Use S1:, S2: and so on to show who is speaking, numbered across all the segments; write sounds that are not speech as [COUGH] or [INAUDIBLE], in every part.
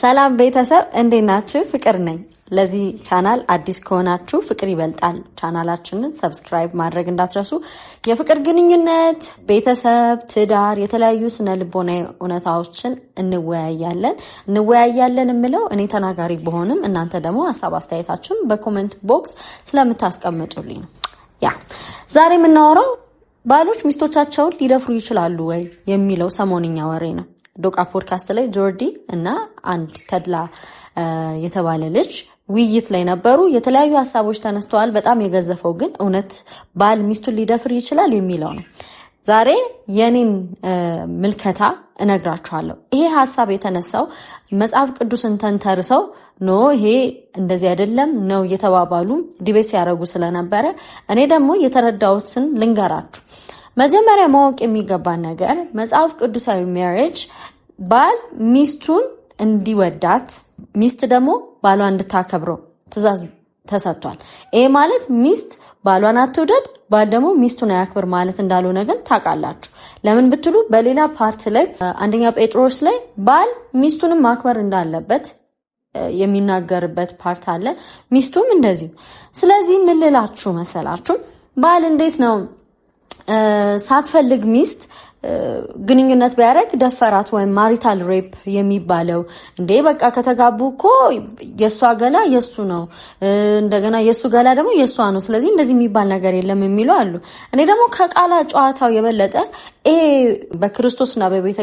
S1: ሰላም ቤተሰብ እንዴት ናችሁ? ፍቅር ነኝ። ለዚህ ቻናል አዲስ ከሆናችሁ ፍቅር ይበልጣል ቻናላችንን ሰብስክራይብ ማድረግ እንዳትረሱ። የፍቅር ግንኙነት፣ ቤተሰብ፣ ትዳር፣ የተለያዩ ስነ ልቦና እውነታዎችን እንወያያለን። እንወያያለን የምለው እኔ ተናጋሪ በሆንም እናንተ ደግሞ ሀሳብ አስተያየታችሁን በኮመንት ቦክስ ስለምታስቀምጡልኝ ነው። ያ ዛሬ የምናወራው ባሎች ሚስቶቻቸውን ሊደፍሩ ይችላሉ ወይ የሚለው ሰሞንኛ ወሬ ነው። ዶቃ ፖድካስት ላይ ጆርዲ እና አንድ ተድላ የተባለ ልጅ ውይይት ላይ ነበሩ። የተለያዩ ሀሳቦች ተነስተዋል። በጣም የገዘፈው ግን እውነት ባል ሚስቱን ሊደፍር ይችላል የሚለው ነው። ዛሬ የኔን ምልከታ እነግራችኋለሁ። ይሄ ሀሳብ የተነሳው መጽሐፍ ቅዱስን ተንተርሰው ኖ ይሄ እንደዚህ አይደለም ነው እየተባባሉ ዲቤት ሲያደርጉ ስለነበረ እኔ ደግሞ የተረዳሁትን ልንገራችሁ። መጀመሪያ ማወቅ የሚገባን ነገር መጽሐፍ ቅዱሳዊ ሜሪጅ ባል ሚስቱን እንዲወዳት ሚስት ደግሞ ባሏ እንድታከብረው ትእዛዝ ተሰጥቷል። ይህ ማለት ሚስት ባሏን አትውደድ፣ ባል ደግሞ ሚስቱን አያክብር ማለት እንዳልሆነ ግን ታውቃላችሁ። ለምን ብትሉ በሌላ ፓርት ላይ አንደኛ ጴጥሮስ ላይ ባል ሚስቱንም ማክበር እንዳለበት የሚናገርበት ፓርት አለ። ሚስቱም እንደዚሁ። ስለዚህ ምን ልላችሁ መሰላችሁ ባል እንዴት ነው ሳትፈልግ ሚስት ግንኙነት ቢያደርግ ደፈራት ወይም ማሪታል ሬፕ የሚባለው እንዴ፣ በቃ ከተጋቡ እኮ የእሷ ገላ የእሱ ነው፣ እንደገና የእሱ ገላ ደግሞ የእሷ ነው። ስለዚህ እንደዚህ የሚባል ነገር የለም የሚሉ አሉ። እኔ ደግሞ ከቃላ ጨዋታው የበለጠ ይሄ በክርስቶስና በቤተ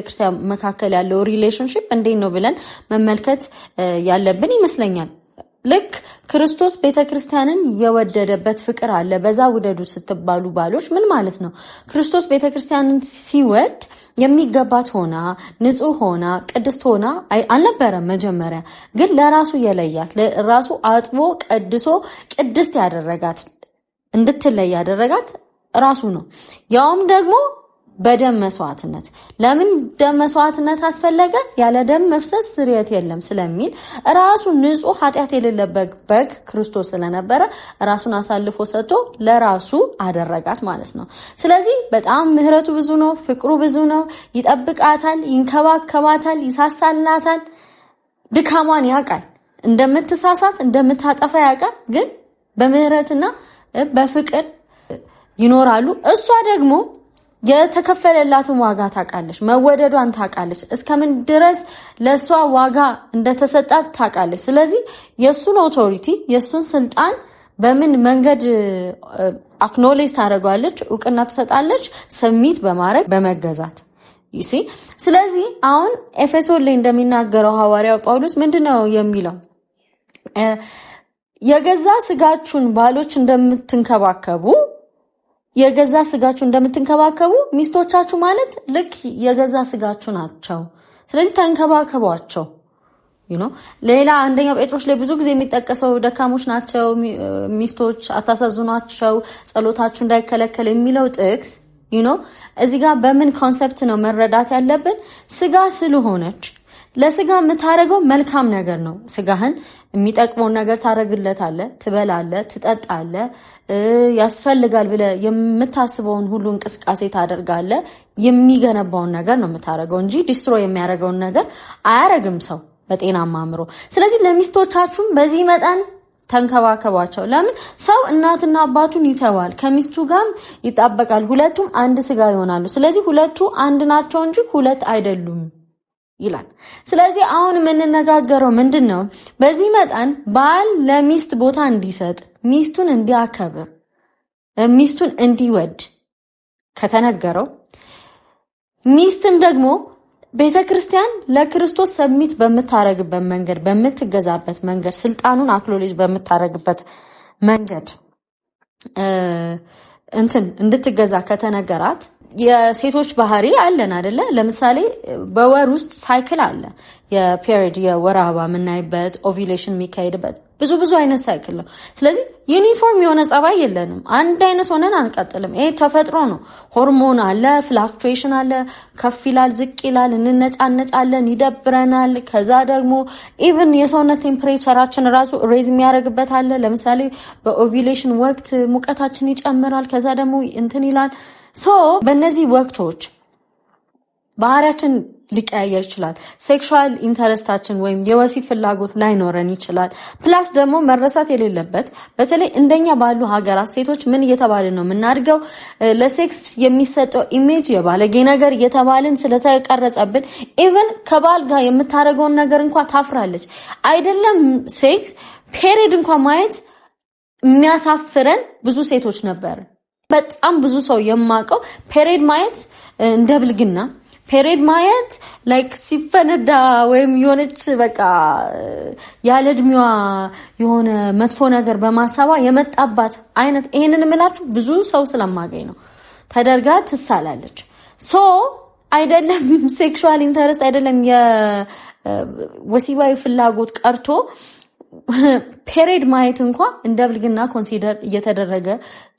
S1: መካከል ያለው ሪሌሽንሽፕ እንዴት ነው ብለን መመልከት ያለብን ይመስለኛል። ልክ ክርስቶስ ቤተ ክርስቲያንን የወደደበት ፍቅር አለ። በዛ ውደዱ ስትባሉ ባሎች ምን ማለት ነው? ክርስቶስ ቤተ ክርስቲያንን ሲወድ የሚገባት ሆና ንጹህ ሆና ቅድስት ሆና አልነበረም። መጀመሪያ ግን ለራሱ የለያት ለራሱ አጥቦ ቀድሶ ቅድስት ያደረጋት እንድትለይ ያደረጋት ራሱ ነው። ያውም ደግሞ በደም መስዋዕትነት ለምን ደም መስዋዕትነት አስፈለገ? ያለ ደም መፍሰስ ስርየት የለም ስለሚል ራሱ ንጹህ ኃጢአት የሌለበት በግ ክርስቶስ ስለነበረ ራሱን አሳልፎ ሰጥቶ ለራሱ አደረጋት ማለት ነው። ስለዚህ በጣም ምሕረቱ ብዙ ነው፣ ፍቅሩ ብዙ ነው። ይጠብቃታል፣ ይንከባከባታል፣ ይሳሳላታል፣ ድካሟን ያውቃል፣ እንደምትሳሳት እንደምታጠፋ ያውቃል። ግን በምሕረትና በፍቅር ይኖራሉ። እሷ ደግሞ የተከፈለላትን ዋጋ ታውቃለች፣ መወደዷን ታውቃለች፣ እስከምን ድረስ ለእሷ ዋጋ እንደተሰጣት ታውቃለች። ስለዚህ የእሱን ኦቶሪቲ የእሱን ስልጣን በምን መንገድ አክኖሌጅ ታደርገዋለች፣ እውቅና ትሰጣለች? ስሚት በማድረግ በመገዛት ይሲ። ስለዚህ አሁን ኤፌሶን ላይ እንደሚናገረው ሐዋርያው ጳውሎስ ምንድን ነው የሚለው? የገዛ ስጋችሁን ባሎች እንደምትንከባከቡ የገዛ ስጋችሁ እንደምትንከባከቡ ሚስቶቻችሁ ማለት ልክ የገዛ ስጋችሁ ናቸው። ስለዚህ ተንከባከቧቸው። ሌላ አንደኛው ጴጥሮስ ላይ ብዙ ጊዜ የሚጠቀሰው ደካሞች ናቸው ሚስቶች፣ አታሳዝኗቸው፣ ጸሎታችሁ እንዳይከለከል የሚለው ጥቅስ ዩኖ እዚህ ጋር በምን ኮንሰፕት ነው መረዳት ያለብን? ስጋ ስለሆነች ለስጋ የምታደርገው መልካም ነገር ነው። ስጋህን የሚጠቅመውን ነገር ታደርግለታለህ፣ ትበላለህ፣ ትጠጣለህ፣ ያስፈልጋል ብለህ የምታስበውን ሁሉ እንቅስቃሴ ታደርጋለህ። የሚገነባውን ነገር ነው የምታደርገው እንጂ ዲስትሮ የሚያደርገውን ነገር አያረግም ሰው በጤናማ አእምሮ። ስለዚህ ለሚስቶቻችሁም በዚህ መጠን ተንከባከቧቸው። ለምን ሰው እናትና አባቱን ይተዋል፣ ከሚስቱ ጋርም ይጣበቃል። ሁለቱም አንድ ስጋ ይሆናሉ። ስለዚህ ሁለቱ አንድ ናቸው እንጂ ሁለት አይደሉም። ይላል። ስለዚህ አሁን የምንነጋገረው ምንድን ነው? በዚህ መጠን ባል ለሚስት ቦታ እንዲሰጥ፣ ሚስቱን እንዲያከብር፣ ሚስቱን እንዲወድ ከተነገረው ሚስትም ደግሞ ቤተ ክርስቲያን ለክርስቶስ ሰሚት በምታረግበት መንገድ በምትገዛበት መንገድ ስልጣኑን አክሎሌጅ በምታረግበት መንገድ እንትን እንድትገዛ ከተነገራት የሴቶች ባህሪ አለን አደለ? ለምሳሌ በወር ውስጥ ሳይክል አለ። የፔሪድ የወር አበባ የምናይበት ኦቪሌሽን የሚካሄድበት ብዙ ብዙ አይነት ሳይክል ነው። ስለዚህ ዩኒፎርም የሆነ ጸባይ የለንም። አንድ አይነት ሆነን አንቀጥልም። ይሄ ተፈጥሮ ነው። ሆርሞን አለ፣ ፍላክቹዌሽን አለ። ከፍ ይላል፣ ዝቅ ይላል፣ እንነጫነጫለን፣ ይደብረናል። ከዛ ደግሞ ኢቭን የሰውነት ቴምፕሬቸራችን ራሱ ሬዝ የሚያደርግበት አለ። ለምሳሌ በኦቪሌሽን ወቅት ሙቀታችን ይጨምራል። ከዛ ደግሞ እንትን ይላል ሶ በእነዚህ ወቅቶች ባህሪያችን ሊቀያየር ይችላል። ሴክሹዋል ኢንተረስታችን ወይም የወሲብ ፍላጎት ላይኖረን ይችላል። ፕላስ ደግሞ መረሳት የሌለበት በተለይ እንደኛ ባሉ ሀገራት ሴቶች ምን እየተባለ ነው የምናድገው? ለሴክስ የሚሰጠው ኢሜጅ የባለጌ ነገር እየተባልን ስለተቀረጸብን ኢቨን ከባል ጋር የምታደርገውን ነገር እንኳ ታፍራለች። አይደለም ሴክስ ፔሪድ እንኳ ማየት የሚያሳፍረን ብዙ ሴቶች ነበር። በጣም ብዙ ሰው የማውቀው ፔሬድ ማየት እንደ ብልግና ፔሬድ ማየት ላይክ ሲፈነዳ ወይም የሆነች በቃ ያለ እድሜዋ የሆነ መጥፎ ነገር በማሰባ የመጣባት አይነት ይሄንን የምላችሁ ብዙ ሰው ስለማገኝ ነው። ተደርጋ ትሳላለች። ሶ አይደለም [LAUGHS] ሴክሹዋል ኢንተረስት አይደለም የወሲባዊ ፍላጎት ቀርቶ ፔሬድ ማየት እንኳ እንደ ብልግና ኮንሲደር እየተደረገ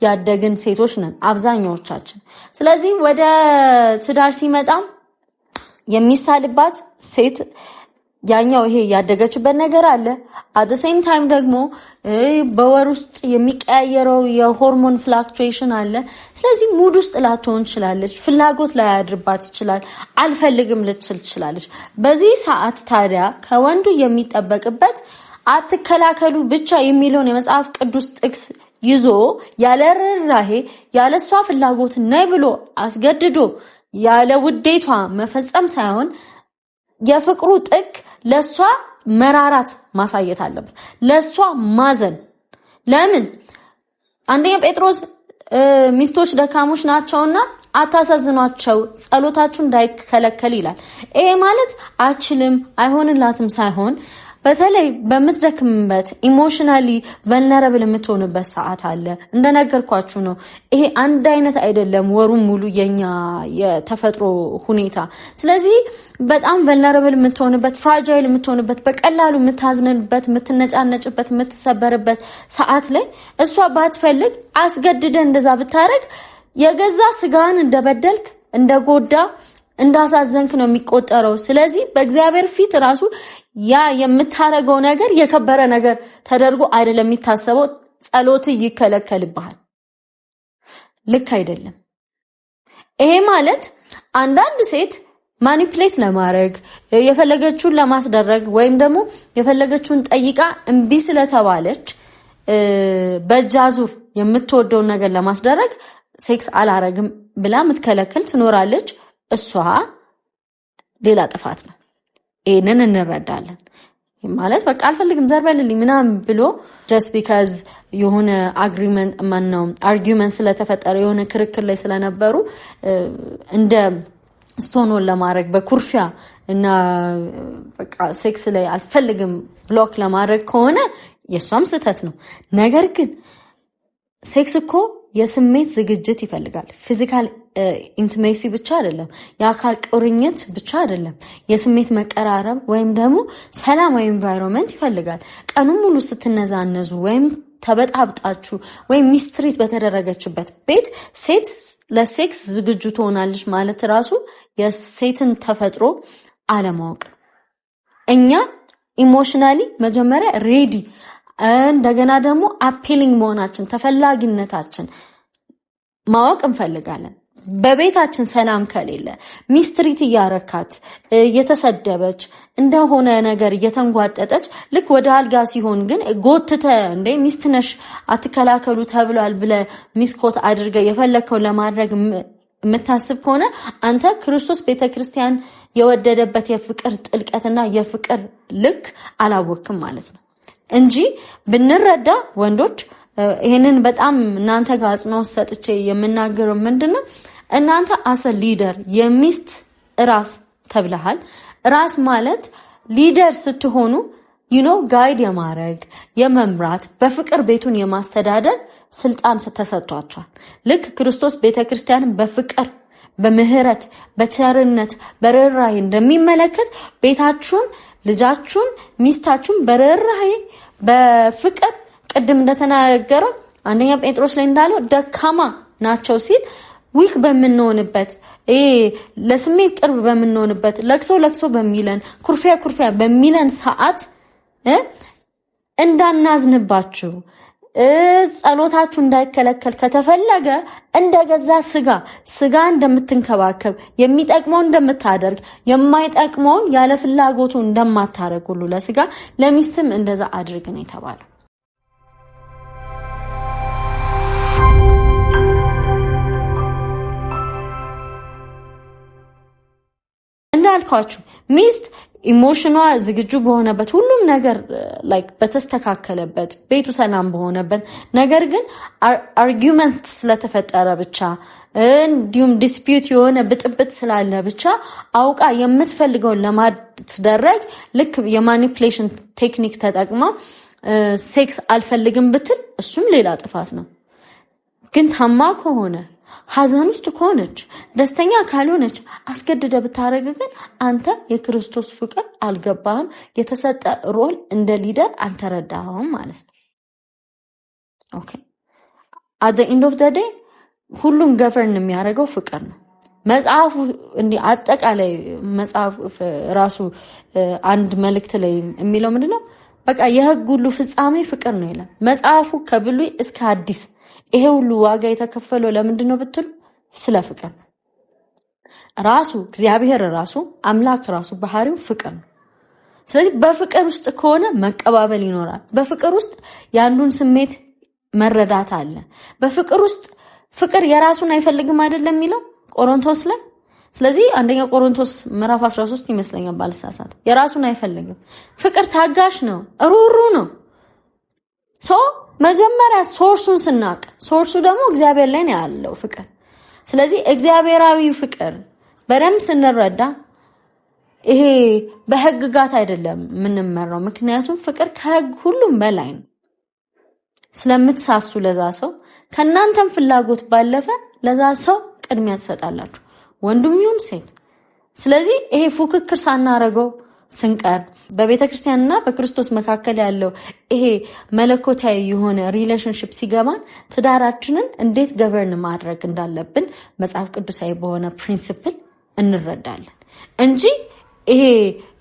S1: ያደግን ሴቶች ነን አብዛኛዎቻችን። ስለዚህ ወደ ትዳር ሲመጣም የሚሳልባት ሴት ያኛው ይሄ ያደገችበት ነገር አለ። አደ ሴም ታይም ደግሞ በወር ውስጥ የሚቀያየረው የሆርሞን ፍላክቹዌሽን አለ። ስለዚህ ሙድ ውስጥ ላትሆን ትችላለች፣ ፍላጎት አድርባት ይችላል፣ አልፈልግም ልትችል ትችላለች። በዚህ ሰዓት ታዲያ ከወንዱ የሚጠበቅበት አትከላከሉ ብቻ የሚለውን የመጽሐፍ ቅዱስ ጥቅስ ይዞ ያለ ርኅራኄ ያለ እሷ ፍላጎት ነይ ብሎ አስገድዶ ያለ ውዴቷ መፈጸም ሳይሆን የፍቅሩ ጥግ ለእሷ መራራት ማሳየት አለበት፣ ለእሷ ማዘን። ለምን አንደኛ ጴጥሮስ ሚስቶች ደካሞች ናቸውና አታሳዝኗቸው፣ ጸሎታችሁ እንዳይከለከል ይላል። ይሄ ማለት አችልም አይሆንላትም ሳይሆን በተለይ በምትደክምበት ኢሞሽናሊ ቨልነረብል የምትሆንበት ሰዓት አለ። እንደነገርኳችሁ ነው። ይሄ አንድ አይነት አይደለም ወሩን ሙሉ የኛ የተፈጥሮ ሁኔታ። ስለዚህ በጣም ቨልነረብል የምትሆንበት ፍራጃይል የምትሆንበት በቀላሉ የምታዝንበት፣ የምትነጫነጭበት፣ የምትሰበርበት ሰዓት ላይ እሷ ባትፈልግ አስገድደ እንደዛ ብታደረግ የገዛ ስጋን እንደበደልክ እንደጎዳ እንዳሳዘንክ ነው የሚቆጠረው። ስለዚህ በእግዚአብሔር ፊት ራሱ ያ የምታረገው ነገር የከበረ ነገር ተደርጎ አይደለም የሚታሰበው። ጸሎት ይከለከልብሃል። ልክ አይደለም። ይሄ ማለት አንዳንድ ሴት ማኒፕሌት ለማድረግ የፈለገችውን ለማስደረግ ወይም ደግሞ የፈለገችውን ጠይቃ እምቢ ስለተባለች በእጃዙር የምትወደውን ነገር ለማስደረግ ሴክስ አላረግም ብላ የምትከለከል ትኖራለች። እሷ ሌላ ጥፋት ነው። ይህንን እንረዳለን። ማለት በቃ አልፈልግም ዘርበልልኝ በልልኝ ምናምን ብሎ ጀስት ቢካዝ የሆነ አግሪመንት ማነው አርጊመንት ስለተፈጠረ የሆነ ክርክር ላይ ስለነበሩ እንደ ስቶኖን ለማድረግ በኩርፊያ እና በቃ ሴክስ ላይ አልፈልግም ብሎክ ለማድረግ ከሆነ የእሷም ስህተት ነው። ነገር ግን ሴክስ እኮ የስሜት ዝግጅት ይፈልጋል። ፊዚካል ኢንቲሜሲ uh, ብቻ አይደለም፣ የአካል ቁርኝት ብቻ አይደለም። የስሜት መቀራረብ ወይም ደግሞ ሰላማዊ ኤንቫይሮንመንት ይፈልጋል። ቀኑን ሙሉ ስትነዛነዙ ወይም ተበጣብጣችሁ ወይም ሚስትሪት በተደረገችበት ቤት ሴት ለሴክስ ዝግጁ ትሆናለች ማለት ራሱ የሴትን ተፈጥሮ አለማወቅ እኛ ኢሞሽናሊ መጀመሪያ ሬዲ እንደገና ደግሞ አፔሊንግ መሆናችን ተፈላጊነታችን ማወቅ እንፈልጋለን። በቤታችን ሰላም ከሌለ ሚስትሪት እያረካት እየተሰደበች እንደሆነ ነገር እየተንጓጠጠች ልክ ወደ አልጋ ሲሆን ግን ጎትተ እንደ ሚስት ነሽ አትከላከሉ ተብሏል ብለ ሚስኮት አድርገ የፈለግከው ለማድረግ የምታስብ ከሆነ አንተ ክርስቶስ ቤተ ክርስቲያን የወደደበት የፍቅር ጥልቀትና የፍቅር ልክ አላወክም ማለት ነው እንጂ ብንረዳ ወንዶች ይሄንን በጣም እናንተ ጋር አጽንኦት ሰጥቼ የምናገረው ምንድን ነው፣ እናንተ አሰ ሊደር የሚስት ራስ ተብለሃል። ራስ ማለት ሊደር ስትሆኑ ዩኖ ጋይድ የማድረግ የመምራት በፍቅር ቤቱን የማስተዳደር ስልጣን ተሰጥቷቸዋል። ልክ ክርስቶስ ቤተ ክርስቲያንን በፍቅር በምህረት በቸርነት በርኅራኄ እንደሚመለከት ቤታችሁን፣ ልጃችሁን፣ ሚስታችሁን በርኅራኄ በፍቅር ቅድም እንደተናገረ አንደኛ ጴጥሮስ ላይ እንዳለው ደካማ ናቸው ሲል ዊክ በምንሆንበት ለስሜት ቅርብ በምንሆንበት ለቅሶ ለቅሶ በሚለን ኩርፊያ ኩርፊያ በሚለን ሰዓት እንዳናዝንባችሁ ጸሎታችሁ እንዳይከለከል ከተፈለገ እንደገዛ ስጋ ስጋ እንደምትንከባከብ የሚጠቅመው እንደምታደርግ የማይጠቅመውን ያለ ፍላጎቱ እንደማታደርግ ሁሉ ለስጋ ለሚስትም እንደዛ አድርግ ነው የተባለው። እንዳልኳችሁ ሚስት ኢሞሽኗ ዝግጁ በሆነበት ሁሉም ነገር ላይክ uh, በተስተካከለበት ቤቱ ሰላም በሆነበት ነገር ግን አርጊመንት ስለተፈጠረ ብቻ uh, እንዲሁም ዲስፒዩት የሆነ ብጥብጥ ስላለ ብቻ አውቃ የምትፈልገውን ለማትደረግ ልክ የማኒፕሌሽን ቴክኒክ ተጠቅማ uh, ሴክስ አልፈልግም ብትል እሱም ሌላ ጥፋት ነው። ግን ታማ ከሆነ ሐዘን ውስጥ ከሆነች ደስተኛ ካልሆነች አስገድደ ብታደረግ ግን አንተ የክርስቶስ ፍቅር አልገባህም። የተሰጠ ሮል እንደ ሊደር አልተረዳኸውም ማለት ነው። አደ ኢንድ ኦፍ ዘ ዴይ ሁሉም ገቨርን የሚያደርገው ፍቅር ነው። መጽሐፉ እንዲህ አጠቃላይ መጽሐፍ ራሱ አንድ መልእክት ላይ የሚለው ምንድነው? በቃ የህግ ሁሉ ፍጻሜ ፍቅር ነው ይላል መጽሐፉ ከብሉይ እስከ አዲስ ይሄ ሁሉ ዋጋ የተከፈለው ለምንድን ነው ብትሉ ስለ ፍቅር ራሱ እግዚአብሔር ራሱ አምላክ ራሱ ባህሪው ፍቅር ነው። ስለዚህ በፍቅር ውስጥ ከሆነ መቀባበል ይኖራል። በፍቅር ውስጥ የአንዱን ስሜት መረዳት አለ። በፍቅር ውስጥ ፍቅር የራሱን አይፈልግም አይደለም የሚለው ቆሮንቶስ ላይ ስለዚህ አንደኛ ቆሮንቶስ ምዕራፍ 13 ይመስለኛል ባልሳሳት የራሱን አይፈልግም ፍቅር ታጋሽ ነው ሩሩ ነው ሶ መጀመሪያ ሶርሱን ስናቅ ሶርሱ ደግሞ እግዚአብሔር ላይ ነው ያለው ፍቅር። ስለዚህ እግዚአብሔራዊ ፍቅር በደንብ ስንረዳ ይሄ ጋት አይደለም የምንመራው። ምክንያቱም ፍቅር ከህግ ሁሉም በላይ ነው። ስለምትሳሱ ለዛ ሰው ከእናንተም ፍላጎት ባለፈ ለዛ ሰው ቅድሚያ ትሰጣላችሁ፣ ወንዱም ይሁን ሴት። ስለዚህ ይሄ ፉክክር ሳናረገው ስንቀር በቤተ ክርስቲያንና በክርስቶስ መካከል ያለው ይሄ መለኮታዊ የሆነ ሪሌሽንሽፕ ሲገባን ትዳራችንን እንዴት ገቨርን ማድረግ እንዳለብን መጽሐፍ ቅዱሳዊ በሆነ ፕሪንስፕል እንረዳለን እንጂ ይሄ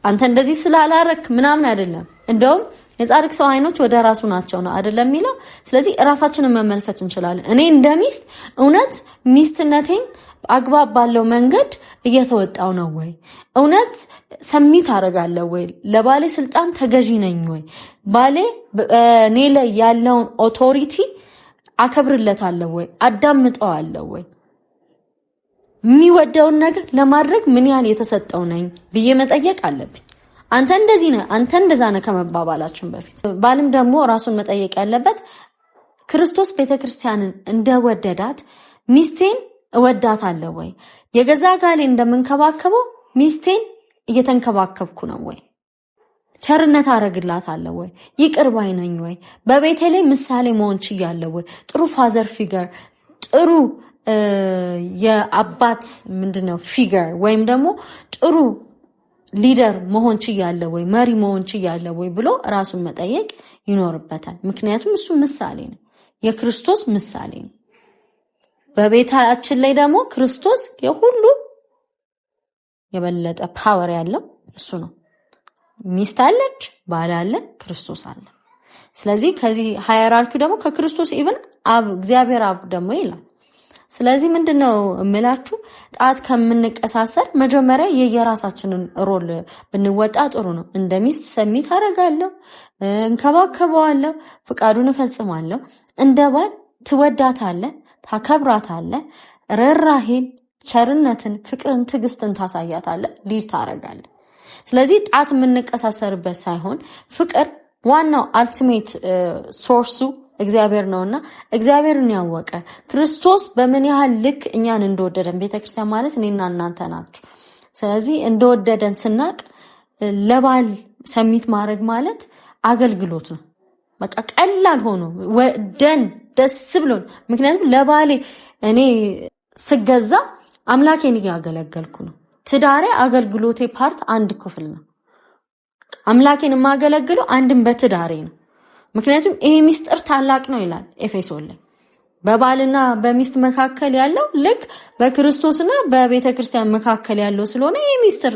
S1: አንተ እንደዚህ ስላላረክ ምናምን አይደለም። እንደውም የጻድቅ ሰው አይኖች ወደ ራሱ ናቸው ነው አይደለም የሚለው። ስለዚህ ራሳችንን መመልከት እንችላለን። እኔ እንደ ሚስት እውነት ሚስትነቴን አግባብ ባለው መንገድ እየተወጣው ነው ወይ? እውነት ሰሚት አደርጋለሁ ወይ? ለባሌ ስልጣን ተገዢ ነኝ ወይ? ባሌ እኔ ላይ ያለውን ኦቶሪቲ አከብርለታለሁ ወይ? አዳምጠዋለሁ ወይ? የሚወደውን ነገር ለማድረግ ምን ያህል የተሰጠው ነኝ ብዬ መጠየቅ አለብኝ። አንተ እንደዚህ ነህ፣ አንተ እንደዛ ነህ ከመባባላችን በፊት ባልም ደግሞ ራሱን መጠየቅ ያለበት ክርስቶስ ቤተክርስቲያንን እንደወደዳት ሚስቴን እወዳታለሁ ወይ? የገዛ ጋሌ እንደምንከባከበው ሚስቴን እየተንከባከብኩ ነው ወይ? ቸርነት አረግላታለሁ ወይ? ይቅር ባይ ነኝ ወይ? በቤቴ ላይ ምሳሌ መሆን ችያለሁ ወይ? ጥሩ ፋዘር ፊገር፣ ጥሩ የአባት ምንድነው ፊገር ወይም ደግሞ ጥሩ ሊደር መሆን ችያለሁ ወይ? መሪ መሆን ችያለሁ ወይ ብሎ ራሱን መጠየቅ ይኖርበታል። ምክንያቱም እሱ ምሳሌ ነው፣ የክርስቶስ ምሳሌ ነው። በቤታችን ላይ ደግሞ ክርስቶስ የሁሉ የበለጠ ፓወር ያለው እሱ ነው። ሚስት አለች፣ ባል አለ፣ ክርስቶስ አለ። ስለዚህ ከዚህ ሃይራርኪ ደግሞ ከክርስቶስ ኢቭን አብ እግዚአብሔር አብ ደግሞ ይላል። ስለዚህ ምንድን ነው የምላችሁ፣ ጣት ከምንቀሳሰር መጀመሪያ የየራሳችንን ሮል ብንወጣ ጥሩ ነው። እንደ ሚስት ሰሚት አደርጋለሁ፣ እንከባከበዋለሁ፣ ፍቃዱን እፈጽማለሁ። እንደ ባል ትወዳታለህ፣ ታከብራታለህ፣ ርኅራኄን፣ ቸርነትን፣ ፍቅርን፣ ትዕግስትን ታሳያታለህ፣ ሊድ ታደርጋለህ። ስለዚህ ጣት የምንቀሳሰርበት ሳይሆን ፍቅር ዋናው አልቲሜት ሶርሱ እግዚአብሔር ነውና እግዚአብሔርን ያወቀ ክርስቶስ በምን ያህል ልክ እኛን እንደወደደን ቤተክርስቲያን ማለት እኔና እናንተ ናችሁ። ስለዚህ እንደወደደን ስናቅ ለባል ሰሚት ማድረግ ማለት አገልግሎት ነው። በቃ ቀላል ሆኖ ወደን ደስ ብሎን፣ ምክንያቱም ለባሌ እኔ ስገዛ አምላኬን እያገለገልኩ ነው። ትዳሬ አገልግሎቴ ፓርት አንድ ክፍል ነው። አምላኬን የማገለግለው አንድም በትዳሬ ነው። ምክንያቱም ይሄ ሚስጥር ታላቅ ነው ይላል ኤፌሶን ላይ በባልና በሚስት መካከል ያለው ልክ በክርስቶስና በቤተ ክርስቲያን መካከል ያለው ስለሆነ ይህ ሚስጥር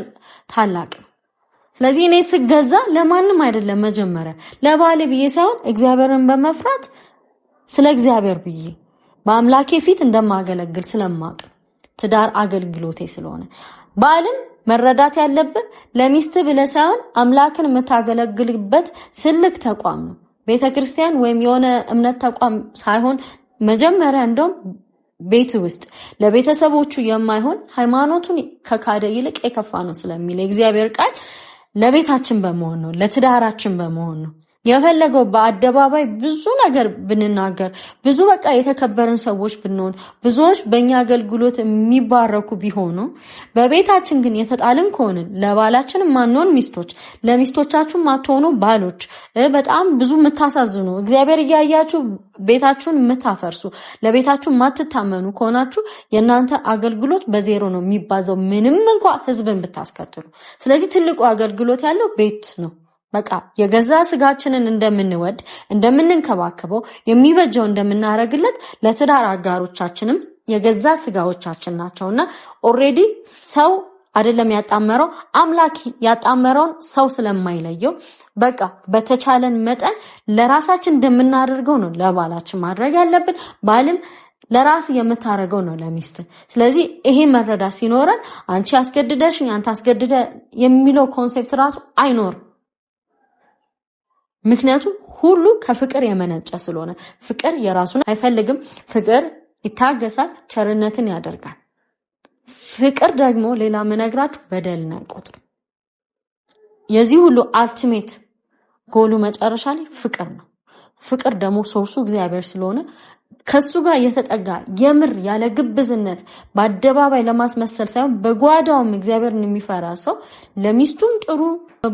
S1: ታላቅ ነው። ስለዚህ እኔ ስገዛ ለማንም አይደለም፣ መጀመሪያ ለባሌ ብዬ ሳይሆን እግዚአብሔርን በመፍራት ስለ እግዚአብሔር ብዬ በአምላኬ ፊት እንደማገለግል ስለማቅ ትዳር አገልግሎቴ ስለሆነ ባልም መረዳት ያለብን ለሚስት ብለ ሳይሆን አምላክን የምታገለግልበት ትልቅ ተቋም ነው። ቤተ ክርስቲያን ወይም የሆነ እምነት ተቋም ሳይሆን መጀመሪያ እንደውም ቤት ውስጥ ለቤተሰቦቹ የማይሆን ሃይማኖቱን ከካደ ይልቅ የከፋ ነው ስለሚል የእግዚአብሔር ቃል ለቤታችን በመሆን ነው፣ ለትዳራችን በመሆን ነው። የፈለገው በአደባባይ ብዙ ነገር ብንናገር ብዙ በቃ የተከበርን ሰዎች ብንሆን ብዙዎች በእኛ አገልግሎት የሚባረኩ ቢሆኑ በቤታችን ግን የተጣልን ከሆንን ለባላችን ማንሆን ሚስቶች፣ ለሚስቶቻችሁ ማትሆኑ ባሎች፣ በጣም ብዙ የምታሳዝኑ እግዚአብሔር እያያችሁ ቤታችሁን የምታፈርሱ ለቤታችሁ ማትታመኑ ከሆናችሁ የእናንተ አገልግሎት በዜሮ ነው የሚባዘው ምንም እንኳ ህዝብን ብታስከትሉ። ስለዚህ ትልቁ አገልግሎት ያለው ቤት ነው። በቃ የገዛ ስጋችንን እንደምንወድ እንደምንንከባከበው የሚበጀው እንደምናደርግለት ለትዳር አጋሮቻችንም የገዛ ስጋዎቻችን እና ኦሬዲ ሰው አይደለም ያጣመረው አምላክ ያጣመረውን ሰው ስለማይለየው በቃ በተቻለን መጠን ለራሳችን እንደምናደርገው ነው ለባላችን ማድረግ ያለብን። ባልም ለራስ የምታደርገው ነው ለሚስት። ስለዚህ ይሄ መረዳት ሲኖረን አንቺ አስገድደሽኝ፣ አንተ አስገድደ የሚለው ኮንሴፕት ራሱ አይኖርም። ምክንያቱም ሁሉ ከፍቅር የመነጨ ስለሆነ ፍቅር የራሱን አይፈልግም። ፍቅር ይታገሳል፣ ቸርነትን ያደርጋል። ፍቅር ደግሞ ሌላ ምነግራችሁ በደልን አይቆጥርም። የዚህ ሁሉ አልቲሜት ጎሉ መጨረሻ ላይ ፍቅር ነው። ፍቅር ደግሞ ሶርሱ እግዚአብሔር ስለሆነ ከሱ ጋር የተጠጋ የምር ያለ ግብዝነት በአደባባይ ለማስመሰል ሳይሆን በጓዳውም እግዚአብሔርን የሚፈራ ሰው ለሚስቱም ጥሩ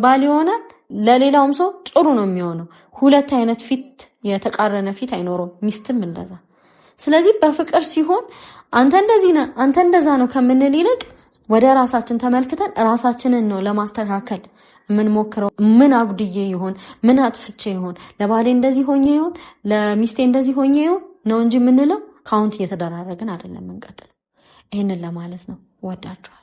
S1: ባል ይሆናል፣ ለሌላውም ሰው ጥሩ ነው የሚሆነው። ሁለት አይነት ፊት፣ የተቃረነ ፊት አይኖረውም። ሚስትም እንደዛ። ስለዚህ በፍቅር ሲሆን አንተ እንደዚህ ነህ፣ አንተ እንደዛ ነው ከምንል ይልቅ ወደ ራሳችን ተመልክተን ራሳችንን ነው ለማስተካከል የምንሞክረው። ምን አጉድዬ ይሆን? ምን አጥፍቼ ይሆን? ለባሌ እንደዚህ ሆኜ ይሆን? ለሚስቴ እንደዚህ ሆኜ ይሆን ነው እንጂ የምንለው። ካውንት እየተደራረግን አይደለም የምንቀጥለው። ይህንን ለማለት ነው። ወዳችኋል።